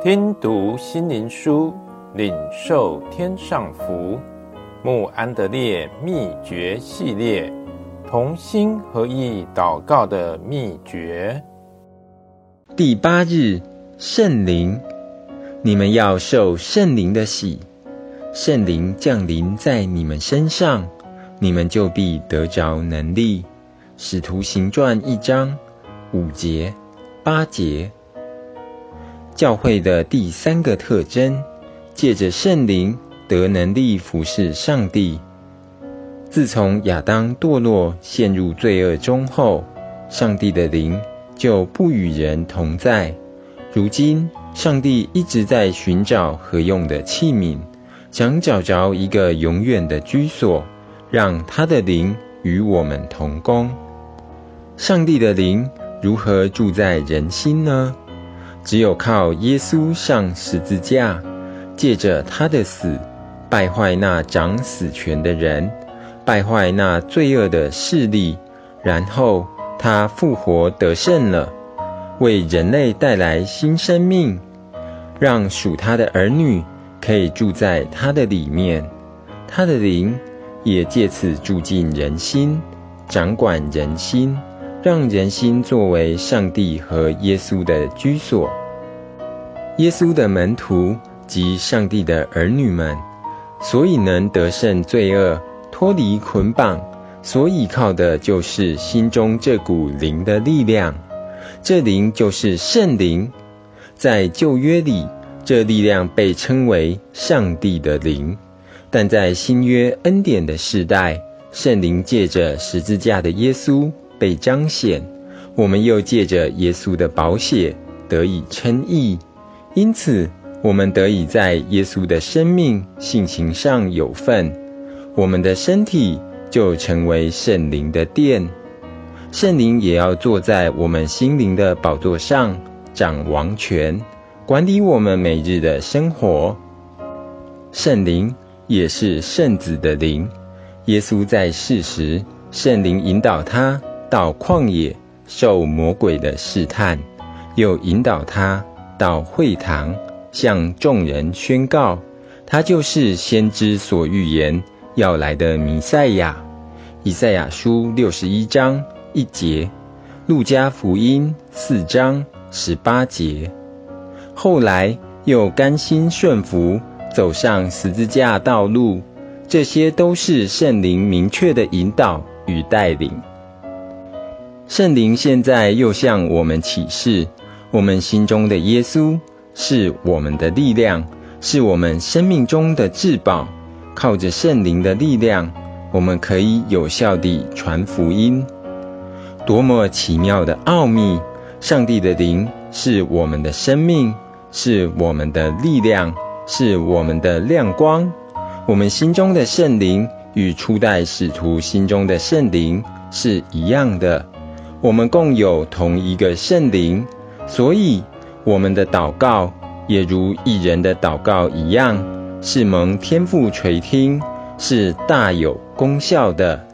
聽讀心靈書，領受天上福。慕安德烈秘訣系列：同心合意禱告的秘訣。第八日，聖靈，你們要受聖靈的洗，聖靈降臨在你們身上，你們就必得着能力。使徒行傳一章五節、八節。教會的第三個特徵，借着聖靈得能力服事上帝。自從亞當墮落、陷入罪惡中後，上帝的靈就不與人同在。如今，上帝一直在尋找合用的器皿，想找着一個永遠的居所，讓他的靈與我們同工。上帝的靈如何住在人心呢？只有靠耶穌上十字架，借着他的死，敗壞那掌死權的人，敗壞那罪惡的勢力，然後他復活得勝了，為人類帶來新生命，讓屬他的兒女可以住在他的裡面，他的靈也借此住進人心，掌管人心。讓人心作為上帝和耶穌的居所，耶穌的門徒及上帝的兒女們，所以能得勝罪惡，脫離捆綁。所以靠的就是心中這股靈的力量，這靈就是聖靈。在舊約裡，這力量被稱為上帝的靈，但在新約恩典的世代，聖靈借着十字架的耶穌。被彰顯，我們又借着耶穌的寶血得以稱義，因此我們得以在耶穌的生命性情上有份，我們的身體就成為聖靈的殿，聖靈也要坐在我們心靈的寶座上掌王權，管理我們每日的生活。聖靈也是聖子的靈，耶穌在世時，聖靈引導他。到曠野受魔鬼的試探，又引導他到會堂向眾人宣告，他就是先知所預言要來的彌賽亞。以賽亞書六十一章一節，路加福音四章十八節。後來又甘心順服，走上十字架道路，這些都是聖靈明確的引導與帶領。聖靈現在又向我們啟示，我們心中的耶穌是我們的力量，是我們生命中的至寶。靠着聖靈的力量，我們可以有效地傳福音。多麼奇妙的奧祕！上帝的靈是我們的生命，是我們的力量，是我們的亮光。我們心中的聖靈與初代使徒心中的聖靈是一樣的。我們共有同一個聖靈，所以我們的禱告也如義人的禱告一樣，是蒙天父垂聽，是大有功效的。